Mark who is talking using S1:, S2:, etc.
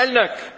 S1: elnök!